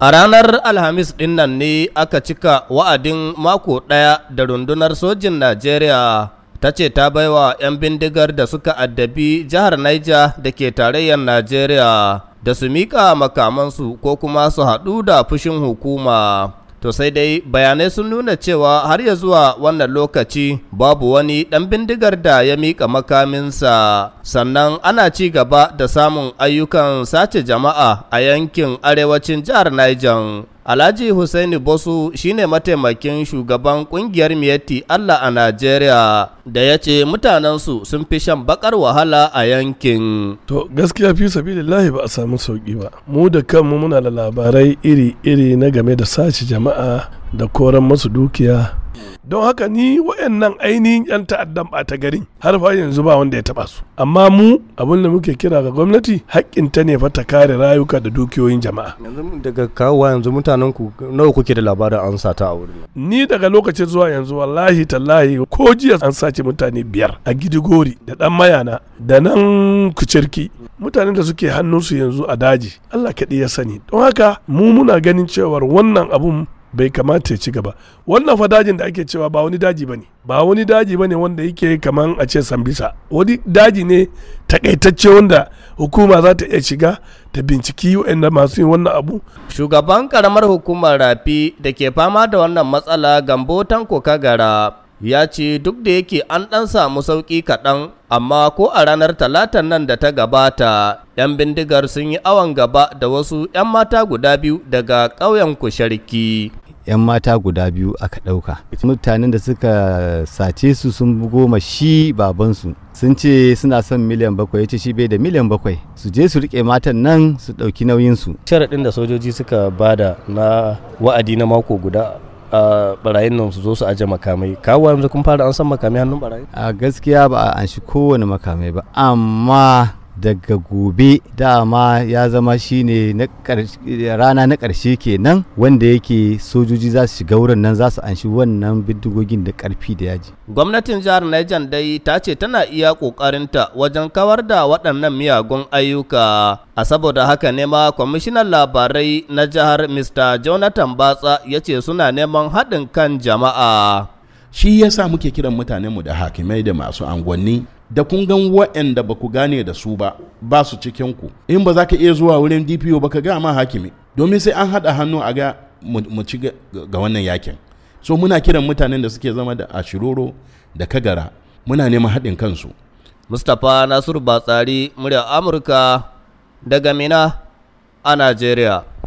A ranar Alhamis ɗin nan ne aka cika wa'adin mako ɗaya da rundunar sojin Najeriya ta ce ta baiwa 'yan bindigar da suka addabi jihar Niger da ke tarayyar Najeriya da su miƙa makamansu ko kuma su haɗu da fushin hukuma. To sai dai bayanai sun nuna cewa har ya zuwa wannan lokaci babu wani ɗan bindigar da ya mika makaminsa sannan ana ci gaba da samun ayyukan sace jama'a a yankin arewacin jihar Niger. Alhaji Hussaini Bosu shine mataimakin shugaban kungiyar Miyatti Allah a Najeriya da ya ce mutanensu sun fi shan bakar wahala a yankin. To gaskiya fi sabilillahi ba a samu sauki ba. Mu da kanmu muna da labarai iri-iri na game da sace jama'a da koran masu dukiya don haka ni wayannan ainihin yan ta'addan ɓata garin har fa yanzu ba wanda ya taɓa su amma mu abin da muke kira ga gwamnati haƙƙin ta ne fa ta kare rayuka da dukiyoyin jama'a yanzu daga kawuwa yanzu mutanen ku nawa kuke da labarin an sata a wurin ni daga lokacin zuwa yanzu wallahi tallahi ko jiya an sace mutane biyar a gidigori da dan mayana da nan kucirki mutanen da suke hannunsu yanzu a daji Allah kaɗai ya sani don haka mu muna ganin cewar wannan abun bai kamata ya ci gaba wannan fa dajin da ake cewa ba wani daji bane ba wani daji bane wanda yake kaman a ce sambisa wani daji ne takaitacce wanda hukuma za ta iya shiga ta binciki un da masu yin wannan abu shugaban karamar hukumar rafi da ke fama da wannan matsala gambo tanko kagara ya ce duk da yake an ɗan samu sauƙi kaɗan amma ko a ranar talatan nan da ta gabata 'yan bindigar sun yi awon gaba da wasu 'yan mata guda biyu daga ƙauyen kusharki 'yan mata guda biyu aka ɗauka mutanen da suka sace su sun goma shi babansu sun ce suna son miliyan bakwai ce shi bai da miliyan bakwai su je su rike matan nan su ɗauki nauyinsu sharaɗin da sojoji suka bada na wa'adi na mako guda barayin nan su zo su aje makamai kawo yanzu kun fara an san makamai hannun barayi a gaskiya ba a anshi kowane makamai ba amma daga gobe dama ya zama shine rana na ƙarshe kenan wanda yake sojoji za su shiga wurin nan za su anshi wannan bindigogin da ƙarfi da yaji gwamnatin jihar Niger dai ta ce tana iya ƙoƙarinta wajen kawar da waɗannan miyagun ayyuka a saboda haka ne ma kwamishinan labarai na jihar mr jonathan batsa ya ce suna neman haɗin kan jama'a shi yasa muke kiran mutanenmu da hakimai da masu angwanni da kun gan waɗanda ba ku gane da su ba ba su cikin ku in ba za ka iya zuwa wurin dpo ba ka ga ma hakimi domin sai an haɗa hannu a ga mu ci ga wannan yakin so muna kiran mutanen da suke zama da ashiroro da kagara muna neman haɗin kansu mustapha nasiru batsari muryar amurka daga mina a najeriya